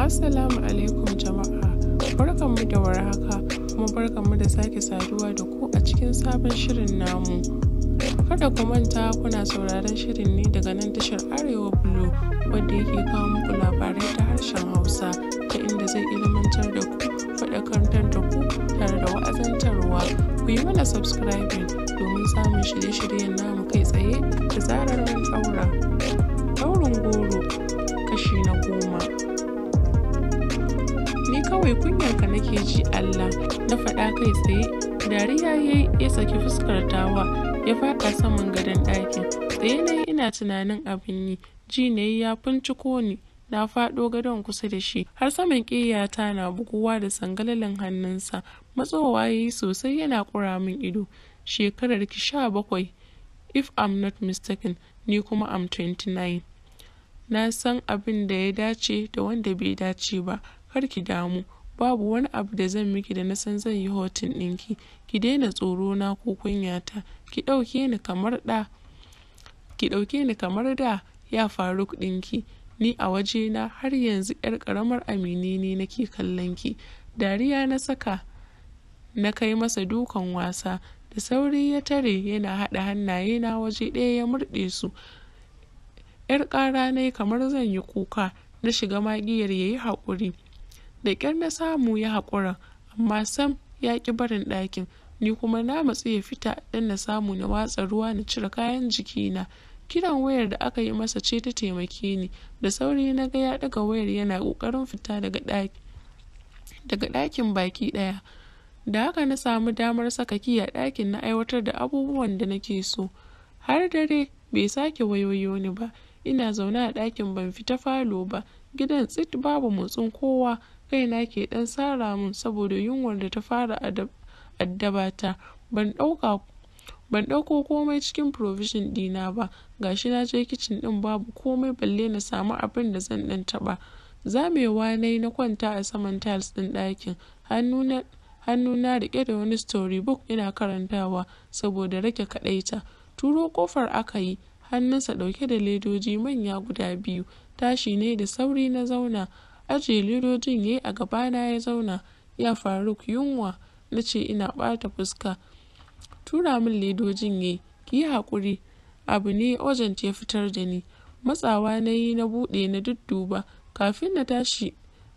Assalamu alaikum jama'a, barkanmu da warhaka kuma barkanmu da sake saduwa da ku a cikin sabon shirin namu. Kada ku manta kuna sauraron shirin ne daga nan tashar Arewa Blue wadda yake kawo muku labarai ta harshen Hausa ta inda zai ilmantar da ku, faɗakantar da ku tare da wa'azantarwa. Ku yi mana subscribing domin samun shirye-shiryen namu kai tsaye da zarar mun ɗaura. goro kashi na goma. kawai kunyarka nake ji Allah na faɗa kai tsaye dariya ya ya saki fuskar tawa ya faɗa saman gadon ɗakin tsaye na ina tunanin abin yi ji yi ya finciko ni na faɗo gadon kusa da shi har saman ƙiyata na buguwa da sangalalin hannunsa matsowa ya yi sosai yana ƙura min ido shekarar ki sha bakwai if i'm not mistaken ni kuma am 29 na san abin da ya dace da wanda bai dace ba kar ki damu babu wani abu da zan miki da na san zai yi hotin ɗinki ki daina tsoro na ko kunyata ki ɗauke ni kamar da ki ɗauke ni kamar da ya faru ɗinki ni a waje na har yanzu 'yar ƙaramar amini ne nake kallon ki dariya na saka na kai masa dukan wasa da sauri ya tare yana haɗa hannaye na waje ɗaya ya murɗe su yar ƙara na kamar zan yi kuka na shiga magiyar ya yi haƙuri da ƙyar na samu ya haƙura amma sam ya ƙi barin ɗakin ni kuma na matsi ya fita don na samu na watsa ruwa na cire kayan jikina kiran wayar da aka yi masa ce ta taimake ni da sauri na ga ya ɗaga wayar yana ƙoƙarin fita daga ɗakin baki ɗaya da haka na samu damar saka a ɗakin na aiwatar da abubuwan da nake so har dare bai sake wayoyo ni ba ina zaune a ɗakin ban fita falo ba gidan tsit babu motsin kowa kaina ke ɗan tsara mun saboda yunwar da ta fara addabata ban ɗauko komai cikin provision dina ba gashi na je kicin din babu komai balle na samu abin da zan dan taba zamewa na yi na kwanta a saman tiles ɗin ɗakin na riƙe da wani storybook ina karantawa saboda rage kaɗaita turo ƙofar aka yi hannunsa ɗauke da ledoji manya guda biyu tashi ne da sauri na zauna Ajiye ledojin ya yi a gabana ya zauna. Ya Faruk, yunwa, na ce ina bata fuska. Tura min ledojin ya ki yi haƙuri. Abu ne wajen ya fitar da ni. Matsawa na yi na buɗe na dudduba kafin na tashi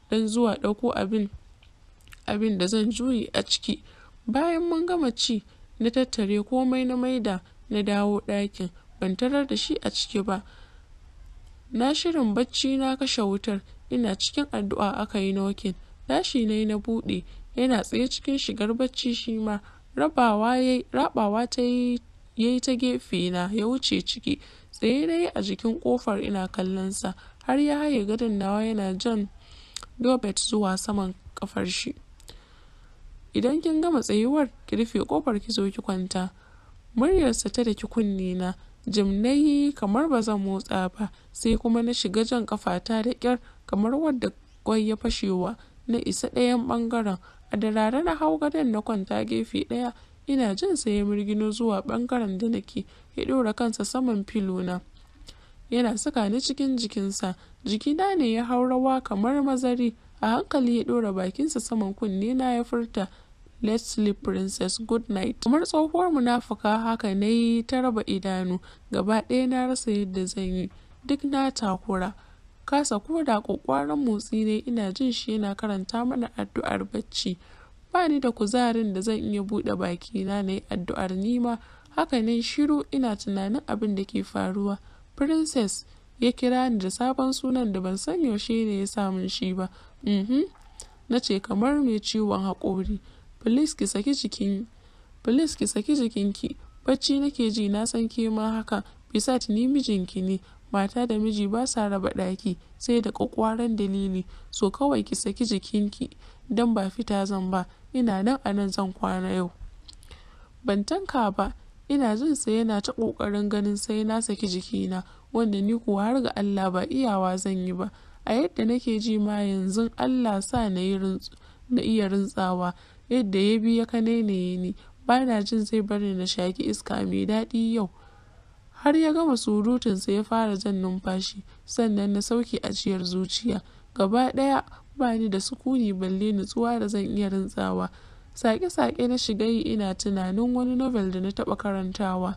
don zuwa ɗauko abin da zan juyi a ciki. Bayan mun gama ci, na tattare komai na maida na dawo ɗakin. Ban tarar da shi a ciki ba. Na shirin bacci na kashe wutar Ina cikin addu'a aka yi nokin. Tashi na yi na buɗe, yana tsaye cikin shigar bacci shi ma. rabawa ta yi ta gefe na ya wuce ciki. Tsaye na yi a jikin ƙofar ina kallonsa, har ya haye gadon nawa yana jan dobet zuwa saman ƙafar shi. Idan kin gama tsayuwar, ki rufe ƙofar ki zo ki kwanta. Muryarsa ta kunne na jim na yi kamar ba zan motsa ba, sai kuma na shiga jan ƙafata da ƙyar kamar wadda kwai ya fashewa na isa ɗayan ɓangaren a darara na hau gadon na kwanta gefe ɗaya ina jin sa ya mirgino zuwa ɓangaren da nake ya ɗora kansa saman filona yana saka ni cikin jikinsa jikina ne ya hau rawa kamar mazari a hankali ya ɗora bakinsa saman kunne na ya furta let's sleep princess good night kamar tsohuwar munafuka haka na yi ta raba idanu gaba ɗaya na rasa yadda zan yi duk na takura kasa ko da kokwaran motsi ne ina jin shi yana karanta mana addu'ar bacci ba ni da kuzarin da zan iya buɗe baki na yi addu'ar nima haka ne shiru ina tunanin abin da ke faruwa princess ya kira ni da sabon sunan da ban san yaushe ne ya samu shi ba mhm na ce kamar mai ciwon haƙori please ki saki jikin please ki saki jikinki bacci nake ji na san ke ma haka bisat ni mijinki ne mata da miji ba sa raba ɗaki sai da kwakwaran dalili so kawai ki saki jikinki don ba fita zan ba ina nan a nan zan kwana yau ban tanka ba ina jin sai yana ta kokarin ganin sai na saki jikina wanda ni kuwa har ga Allah ba iyawa zan yi ba a yadda nake ji ma yanzu Allah sa na iya rintsawa yadda ya bi ya kanainaye ni ba na jin zai bari na shaki iska mai daɗi yau har ya gama surutunsa ya fara jan numfashi sannan na sauke ajiyar zuciya gaba ɗaya ba ni da sukuni balle nutsuwa da zan iya rintsawa sake-sake na shiga yi ina tunanin wani novel da na taɓa karantawa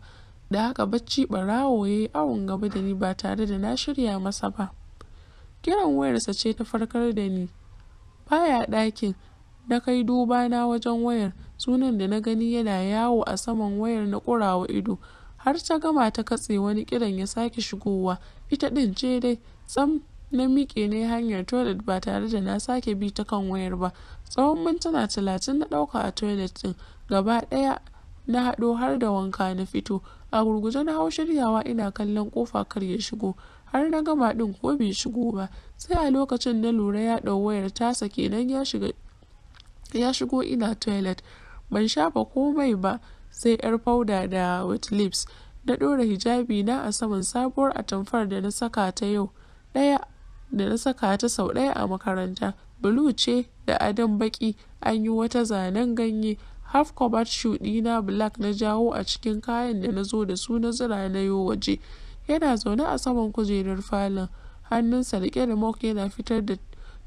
da haka bacci ɓarawo ya yi awon gaba da ni ba tare da na shirya masa ba kiran wayarsa ce ta farkar da ni baya dakin na kai duba na wajen wayar sunan da na gani yana yawo a saman wayar na kurawa ido har ta gama ta katse wani kiran ya sake shigowa ita din ce dai tsam na miƙe ne hanyar toilet ba tare da na sake bi ta kan wayar ba tsawon mintuna talatin na ɗauka a toilet ɗin gaba ɗaya na haɗo har da wanka na fito a gurguje na hau shiryawa ina kallon kofa kar ya shigo har na gama din ko bai shigo ba sai a lokacin na lura ya ɗau wayar tasa kenan ya shigo ina toilet ban shafa komai ba sai 'yar fauda da wet lips. Na ɗora hijabi na a saman sabuwar atamfar da na saka ta yau ɗaya da na saka ta sau ɗaya a makaranta. bulu ce da adon baki an yi wata zanen ganye. Half covered shudi na black na jawo a cikin kayan da na zo da su na zira na yo waje. Yana zaune a saman kujerar falon. Hannunsa da da mok yana fitar da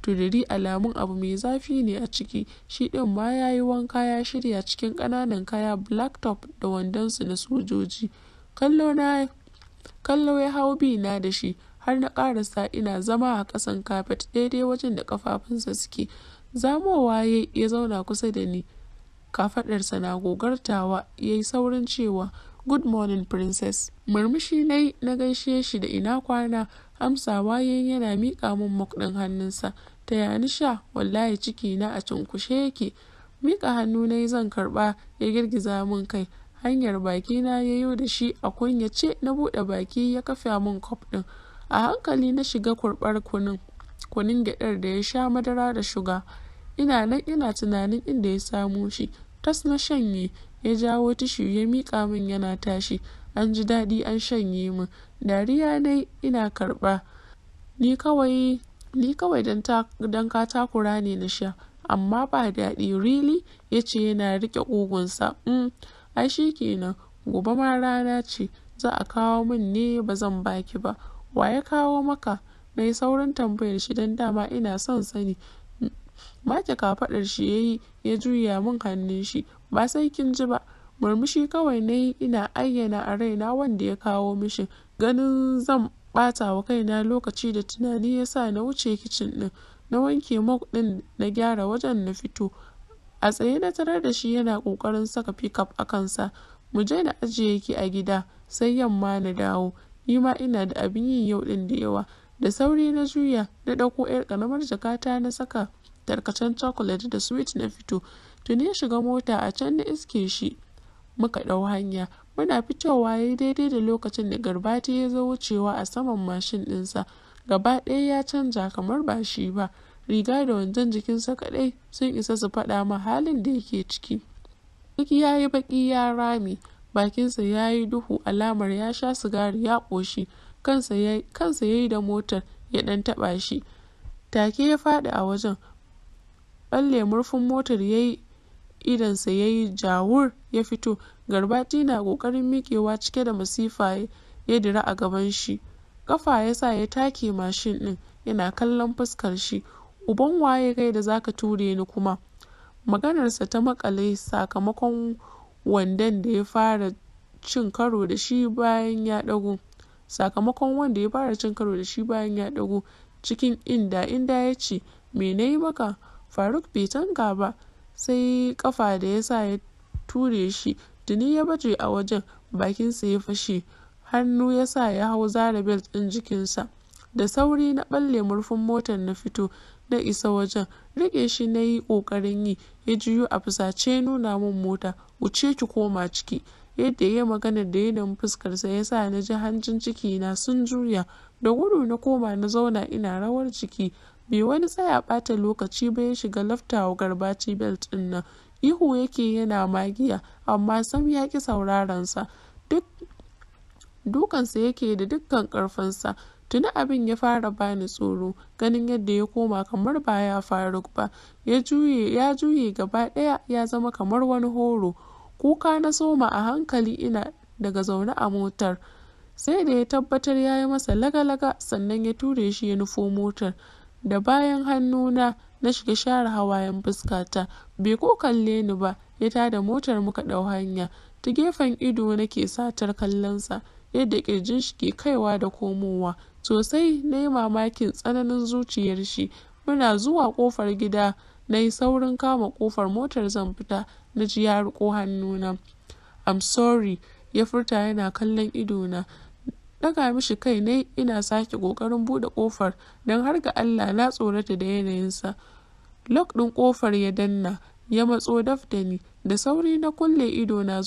tururi alamun abu mai zafi ne a ciki, shi ɗin ma ya yi wanka ya shirya cikin ƙananan kaya blacktop da wandonsu na sojoji. Kallo ya hau bi na da shi, har na karasa ina zama a ƙasan kafet daidai wajen da ƙafafunsa suke. Zamowa ya ya zauna kusa da ni, kafaɗarsa na gogartawa ya yi saurin cewa, Good morning, Princess. Murmushi na na gaishe shi da ina kwana, amsa waye yana miƙa mun mug ɗin hannunsa ta ni sha wallahi na a cunkushe yake miƙa hannu na zan karɓa ya girgiza mun kai hanyar bakina ya yo da shi a yace na buɗe baki ya kafa mun kwaf ɗin a hankali na shiga kurɓar kunun kunun gyaɗar da ya sha madara da shuga ina nan ina tunanin inda ya samu shi tas na shanye ya jawo tishu ya miƙa mun yana tashi An ji daɗi an shanye min. Dariya ne ina karɓa. Ni kawai don ka takura ne na sha. Amma ba daɗi. Really? ya ce yana riƙe ƙugunsa. in mm, ai shi ke Gobe ma rana ce. Za a kawo min ne ba zan baki ba. Wa ya kawo maka? mai yi saurin tambayar shi don dama ina son sani. Mm, Make kafaɗar shi ya yi ya juya min hannun shi. Ba sai kin ji ba. murmushi kawai na yi ina ayyana a raina wanda ya kawo mishi ganin zan bata wa kaina lokaci da tunani ya sa na wuce kicin din na wanke mok din na gyara wajen na fito a tsaye na tarar da shi yana kokarin saka pickup a kansa mu je na ajiye ki a gida sai yamma na dawo ni ma ina da abin yi yau din da yawa da sauri na juya na dauko yar karamar jakata na saka tarkacen chocolate da sweet na fito tuni ya shiga mota a can na iske shi muka ɗau hanya. Muna fitowa yayi daidai da lokacin da Garbati ya zo wucewa a saman mashin ɗinsa, gaba ɗaya ya canja kamar ba shi ba, riga da jikin jikinsa kaɗai sun isa su faɗa ma halin da yake ciki. Duk yayi yi baƙi ya rami bakinsa ya yi duhu alamar ya sha sigari ya ƙoshi, kansa ya yi da motar ya ɗan taɓa shi. Take ya faɗi a wajen, ɓalle murfin motar ya yi idonsa ya yi jawur ya fito garbati na ƙoƙarin mikewa cike da masifa ya dira a gaban shi kafa ya sa ya take mashin ɗin yana kallon fuskar shi uban waye kai da zaka ture ni kuma maganarsa ta makale sakamakon wandan da ya fara cin karo da shi bayan ya dago sakamakon wanda ya fara cin karo da shi bayan ya dago cikin inda inda ya ce me nayi yi maka faruk bai tanka ba sai kafa da ya sa ya ture shi tuni ya baje a wajen, bakinsa ya fashe, hannu ya sa ya hau zare belt ɗin jikinsa. Da sauri na ɓalle murfin motar na fito, na isa wajen, riƙe shi na yi ƙoƙarin yi, ya juyo a fusace nuna min mota, wuce ki koma ciki. Yadda ya yi maganar da yanayin fuskarsa ya sa na ji hancin na sun juya, da gudu na koma na zauna ina rawar ciki Bai wani tsaya ɓata lokaci ba ya shiga laftawa garbaci belt ɗin nan, ihu yake yana magiya amma sam ya ƙi saurarensa duk dukansa yake da dukkan ƙarfinsa tuni abin ya fara bani tsoro ganin yadda ya koma kamar ba ya faruk ba ya juye gaba ɗaya ya zama kamar wani horo kuka na soma a hankali ina daga zaune a motar sai da ya tabbatar ya yi masa lagalaga sannan ya ture shi ya nufo motar da bayan hannuna Na shiga share hawayen fuskata, bai ko kalle ni ba, ya tada motar muka ɗau hanya. Ta gefen ido nake satar kallonsa, yadda ƙirjin shi ke kaiwa da komowa. Sosai na yi mamakin tsananin zuciyar shi. Muna zuwa ƙofar gida, na yi saurin kama ƙofar motar zan fita, na ji ya riƙo hannuna. I'm sorry, ya furta yana kallon idona. ɗaga mishi kai ne ina sake ƙoƙarin buɗe ƙofar don har ga Allah na tsorata da yanayinsa. Lok ɗin ƙofar ya danna ya matso daf da ni da sauri na kulle ido na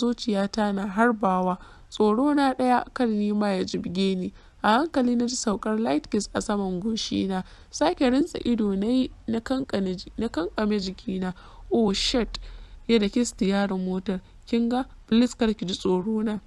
ta na harbawa tsoro na ɗaya kan nima ya jibge ni a hankali na ji saukar light kiss a saman goshi na sake rintsa ido na yi na kankame jikina oh shit ya da kiss yaron motar kin ga please karki ki ji tsoro na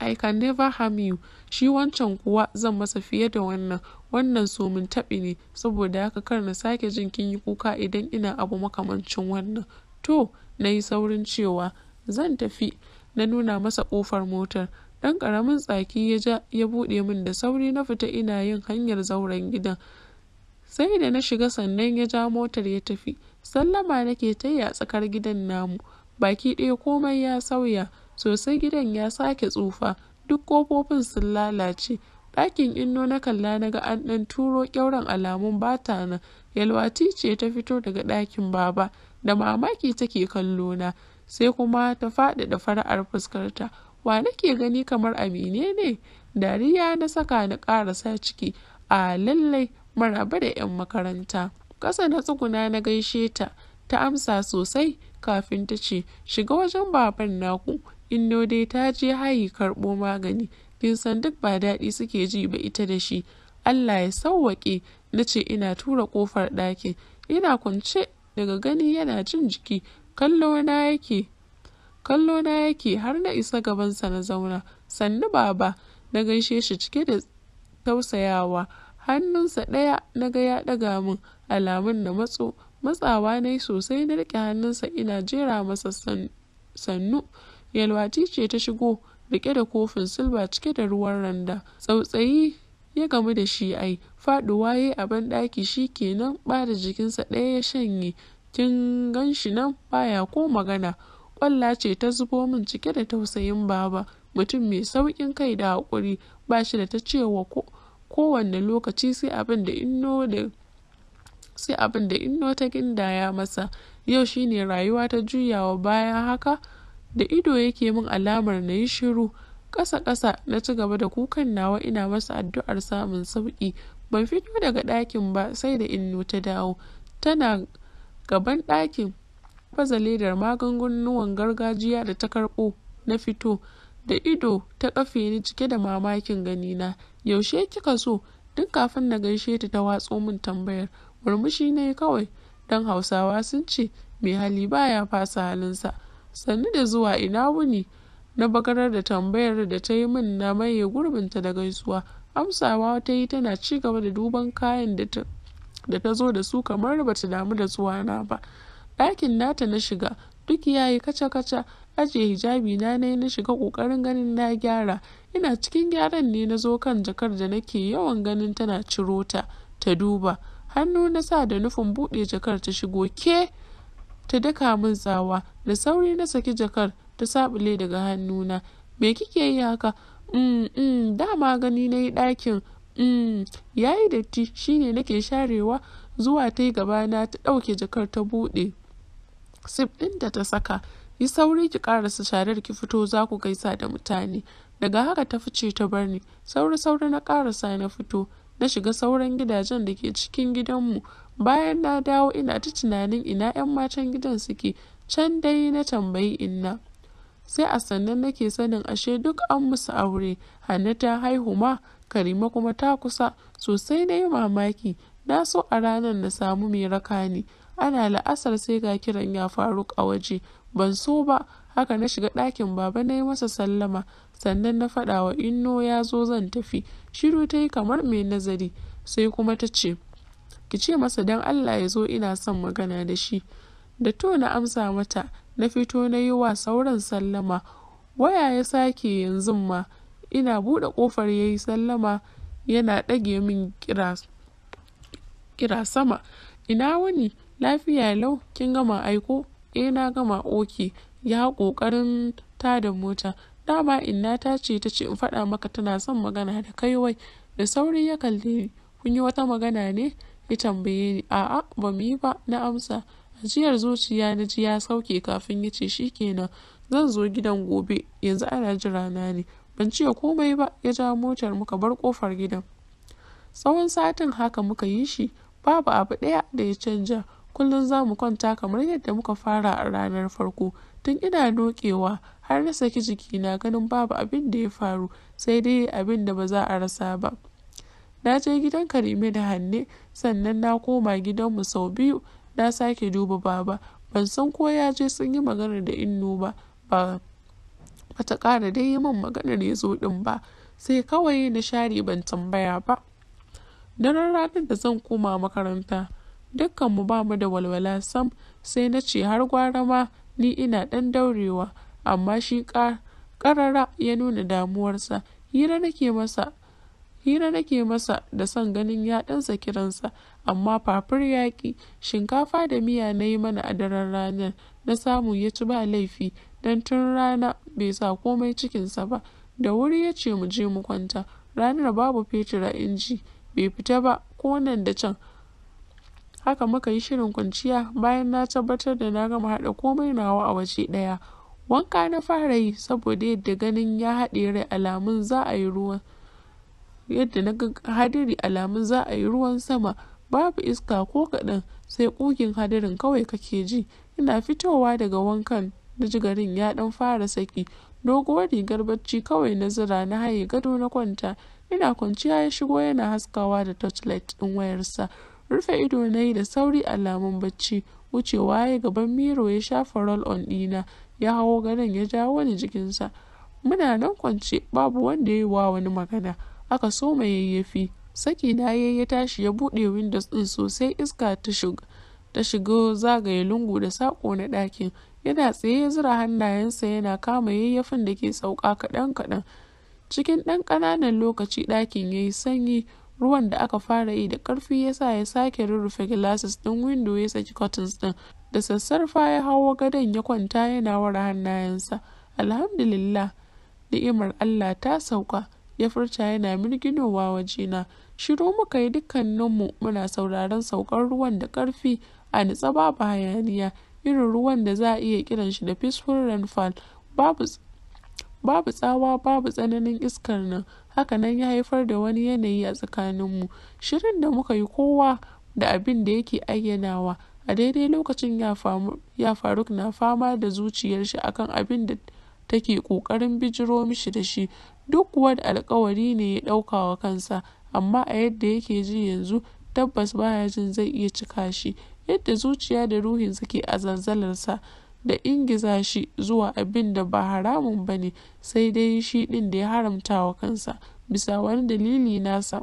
I can never harm you, shi wancan kuwa zan masa fiye da wannan, wannan min taɓi ne, saboda haka kar na sake jin kin yi kuka idan ina abu makamancin wannan. To, na yi saurin cewa, zan tafi, na nuna masa ƙofar motar. Ɗan ƙaramin tsaki ya ja ya buɗe min da sauri na fita ina yin hanyar zauren gidan. Sai da na shiga sannan ya ja motar ya tafi. Sallama nake ta yi a tsakar gidan namu. Baki ɗaya komai ya sauya. Sosai gidan ya sake tsufa, duk kofofin sun lalace, ɗakin Inno na kalla na ga an ɗan turo ƙyauren alamun bata na nan, ce ta fito daga ɗakin Baba, da mamaki take kallo na. sai kuma ta faɗaɗa fara'ar fuskarta, wa nake gani kamar Amine ne? Dariya na saka na ƙarasa ciki, a lallai maraba da 'yan makaranta. Ƙasa na tsuguna na gaishe ta, ta amsa sosai kafin ta ce, shiga wajen baban naku, Indo dai ta je hayi karbo magani, kin san duk ba daɗi suke ji ba ita da shi. Allah ya sauwaƙe, na ce ina tura ƙofar ɗakin. Ina kwance daga gani yana jin jiki, kallo na yake. Kallo na yake har na isa gabansa na zauna, sannu baba, na gaishe shi cike da tausayawa. Hannunsa ɗaya na ga ya ɗaga min alamun na matso, matsawa na yi sosai na riƙe hannunsa ina jera masa sannu. Yelwati ce ta shigo rike da kofin silba cike da ruwan randa, tsautsayi ya gamu da shi ai, faɗuwa ya yi a banɗaki shi ke nan ɓata jikinsa ɗaya ya shanye, kin gan shi nan baya ko magana, ƙwalla ce ta zubo min cike da tausayin baba, mutum mai sauƙin kai da haƙuri, ba shi da ta cewa kowanne lokaci sai abin da inno da sai abin da inno ta gindaya masa, yau shine rayuwa ta juyawa baya haka. da ido yake min alamar na yi shiru ƙasa-ƙasa na ci gaba da kukan nawa ina masa addu'ar samun sauƙi ban fito daga ɗakin ba sai da inu ta dawo tana gaban ɗakin baza ledar magungunan gargajiya da ta karɓo na fito da ido ta kafe ni cike da mamakin ganina yaushe kika so duk kafin na gaishe ta ta watso min tambayar murmushi ne kawai don hausawa sun ce mai hali baya fasa halinsa sannu da zuwa ina wuni na bakarar da tambayar da ta yi min na maye gurbinta da gaisuwa amsawa ta yi tana ci gaba da duban kayan da ta zo da su kamar ba ta damu da zuwa na ba ɗakin nata na shiga duk yayi kaca-kaca ajiye hijabi na yi na shiga ƙoƙarin ganin na gyara ina cikin gyaran ne na zo kan jakar da nake yawan ganin tana ciro ta ta duba hannu na sa da nufin buɗe jakar ta shigo ke ta daka min tsawa da sauri na saki jakar ta sabule daga hannuna me kike yi haka mm, mm dama gani na yi ɗakin mm yayi datti shine nake sharewa zuwa ta yi gabana ta ɗauke jakar ta buɗe sif ɗin da ta saka yi sauri ki karasa sharar ki fito za ku gaisa da mutane daga haka ta fice ta bar ni sauri sauri na karasa na fito na shiga sauran gidajen da ke cikin gidanmu bayan na dawo ina ta tunanin ina 'yan matan gidan suke can dai na tambayi inna sai a sannan nake sanin ashe duk an musu aure hanna ta haihu ma karima kuma ta kusa sosai na yi mamaki na so a ranar na samu mai raka ne ana la'asar sai ga kiran ya faru a waje ban so ba haka na shiga ɗakin baba na yi masa sallama sannan na faɗa wa inno ya zo zan tafi shiru ta yi kamar mai nazari sai kuma ta ce ki ce masa don allah ya zo ina son magana da shi da to na amsa mata na fito na yi wa sauran sallama waya ya sake yanzu ma ina buɗe ƙofar ya yi sallama yana ɗage min kira sama ina wani lafiya lau kin gama aiko eh na gama oke ya ƙoƙarin tada mota dama innata ce ta ce in faɗa maka tana son magana da kai wai da sauri ya kalle ni kun yi wata magana ne ya tambaye ni a'a ba mu yi ba na amsa ajiyar zuciya na ji ya sauke kafin ya ce kenan zan zo gidan gobe yanzu ana jira na ne ban ce komai ba ya ja motar muka bar kofar gidan tsawon satin haka muka yi shi babu abu ɗaya da ya canja kullum za mu kwanta kamar yadda muka fara a ranar farko tun ina nokewa har na saki jikina ganin babu abin da ya faru sai dai abin da ba za a rasa ba na je gidan karime da hanne sannan na koma gidanmu sau biyu na sake duba baba ban san ko ya je sun yi magana da innu ba ba bata kara dai yi min maganar ya zo din ba sai kawai na share ban tambaya ba daren ranar da zan koma makaranta dukkanmu ba mu da walwala sam sai na ce har gwara ma ni ina ɗan daurewa amma shi ƙarara ya nuna damuwarsa hira nake masa masa da son ganin ya ɗansa kiransa amma fafur yaƙi shinkafa da miya na yi mana a daren ranar na samu ya ci ba laifi don tun rana bai sa komai cikinsa ba da wuri ya ce mu je mu kwanta ranar babu fetur a inji bai fita ba ko nan da can Haka muka yi shirin kwanciya bayan na tabbatar da na gama haɗa komai nawa a waje ɗaya. Wanka na fara yi saboda yadda ganin ya haɗe rai alamun za a yi ruwan yadda na ga hadiri alamun za a yi ruwan sama babu iska ko kaɗan sai ƙugin hadirin kawai kake ji ina fitowa daga wankan na ji garin ya ɗan fara saki doguwar rigar bacci kawai na zira na haye gado na kwanta ina kwanciya ya shigo yana haskawa da torchlight ɗin wayarsa rufe ido na yi da sauri alamun bacci wucewa ya gaban miro ya shafa roll-on dina ya hawo ganin ya ja wani jikinsa muna nan kwance babu wanda ya yi wa wani magana aka so mai yayyafi saki na ya tashi ya buɗe windows ɗin sosai iska ta shiga zagaye lungu da saƙo na ɗakin yana tsaye ya zura hannayensa yana kama yayyafin da ke sauka kaɗan-kaɗan cikin ɗan ƙananan lokaci ɗakin ya yi sanyi ruwan da aka fara yi da karfi ya sa ya sake rurrufe glasses ɗin windo ya saki curtains ɗin da sassarfa ya hawo gadon ya kwanta yana wara hannayensa alhamdulillah ni'imar allah ta sauka ya furta yana mirginowa wajena shiru muka yi dukkaninmu muna sauraron saukar ruwan da karfi a nitsa babu hayaniya irin ruwan da za a iya kiran shi da peaceful rainfall babu Babu tsawa babu tsananin iskar nan, hakanan ya haifar da wani yanayi a tsakaninmu, shirin da muka yi kowa da abin da yake ayyanawa, a daidai lokacin ya Faruk na fama da zuciyar shi akan abin da take kokarin bijiro mishi da shi, duk kuwa alkawari ne ya dauka wa kansa, amma a yadda yake ji yanzu tabbas baya jin zai iya cika shi, yadda zuciya da ruhinsa ke a zanzalarsa. da ingiza shi zuwa abin da ba haramun ba ne sai dai shi ɗin da ya haramta wa kansa bisa wani dalili nasa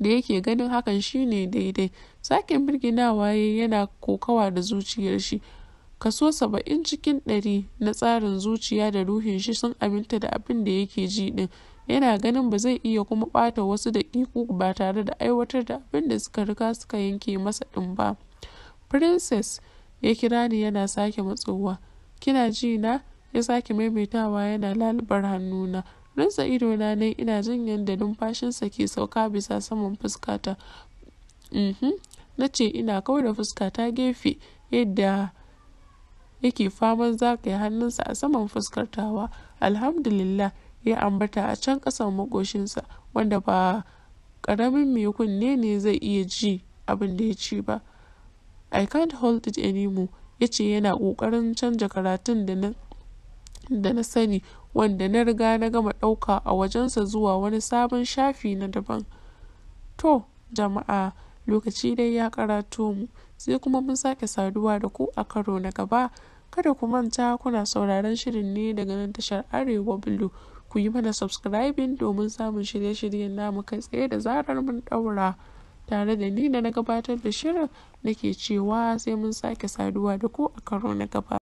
da yake ganin hakan shine daidai sake birginawa ya yana kokawa da zuciyar shi kaso saba'in cikin ɗari na tsarin zuciya da ruhin shi sun aminta da abin da yake ji ɗin yana ganin ba zai iya kuma ɓata wasu da iko ba tare da aiwatar da abin da suka riga suka yanke masa ɗin ba princess Ya kira ni yana sake matsowa. Kina ji na? Ya sake maimaitawa yana lalubar hannuna. Rinsa idona ne ina jin yadda numfashinsa ke sauka bisa saman fuskata. Mhm. Na ce ina kawai da fuskata gefe yadda yake faman zagaye hannunsa a saman fuskartawa Alhamdulillah ya ambata a can kasan makoshinsa wanda ba karamin mai kunne ne zai iya ji abin da ya ci ba. I can't hold it anymore, ya ce yana ƙoƙarin canja karatun da na sani wanda na riga na gama ɗauka a wajensa zuwa wani sabon shafi na daban. To, jama'a, lokaci dai ya karato mu, sai kuma mun sake saduwa da ku a karo na gaba. Kada ku manta kuna sauraron shirin ne daga nan tashar Arewa Blue. Ku yi mana subscribing domin samun shirye-shiryen namu kai tsaye da zarar mun ɗaura. tare da ni da na gabatar da shirin nake cewa sai mun sake saduwa da ku a karo na gaba.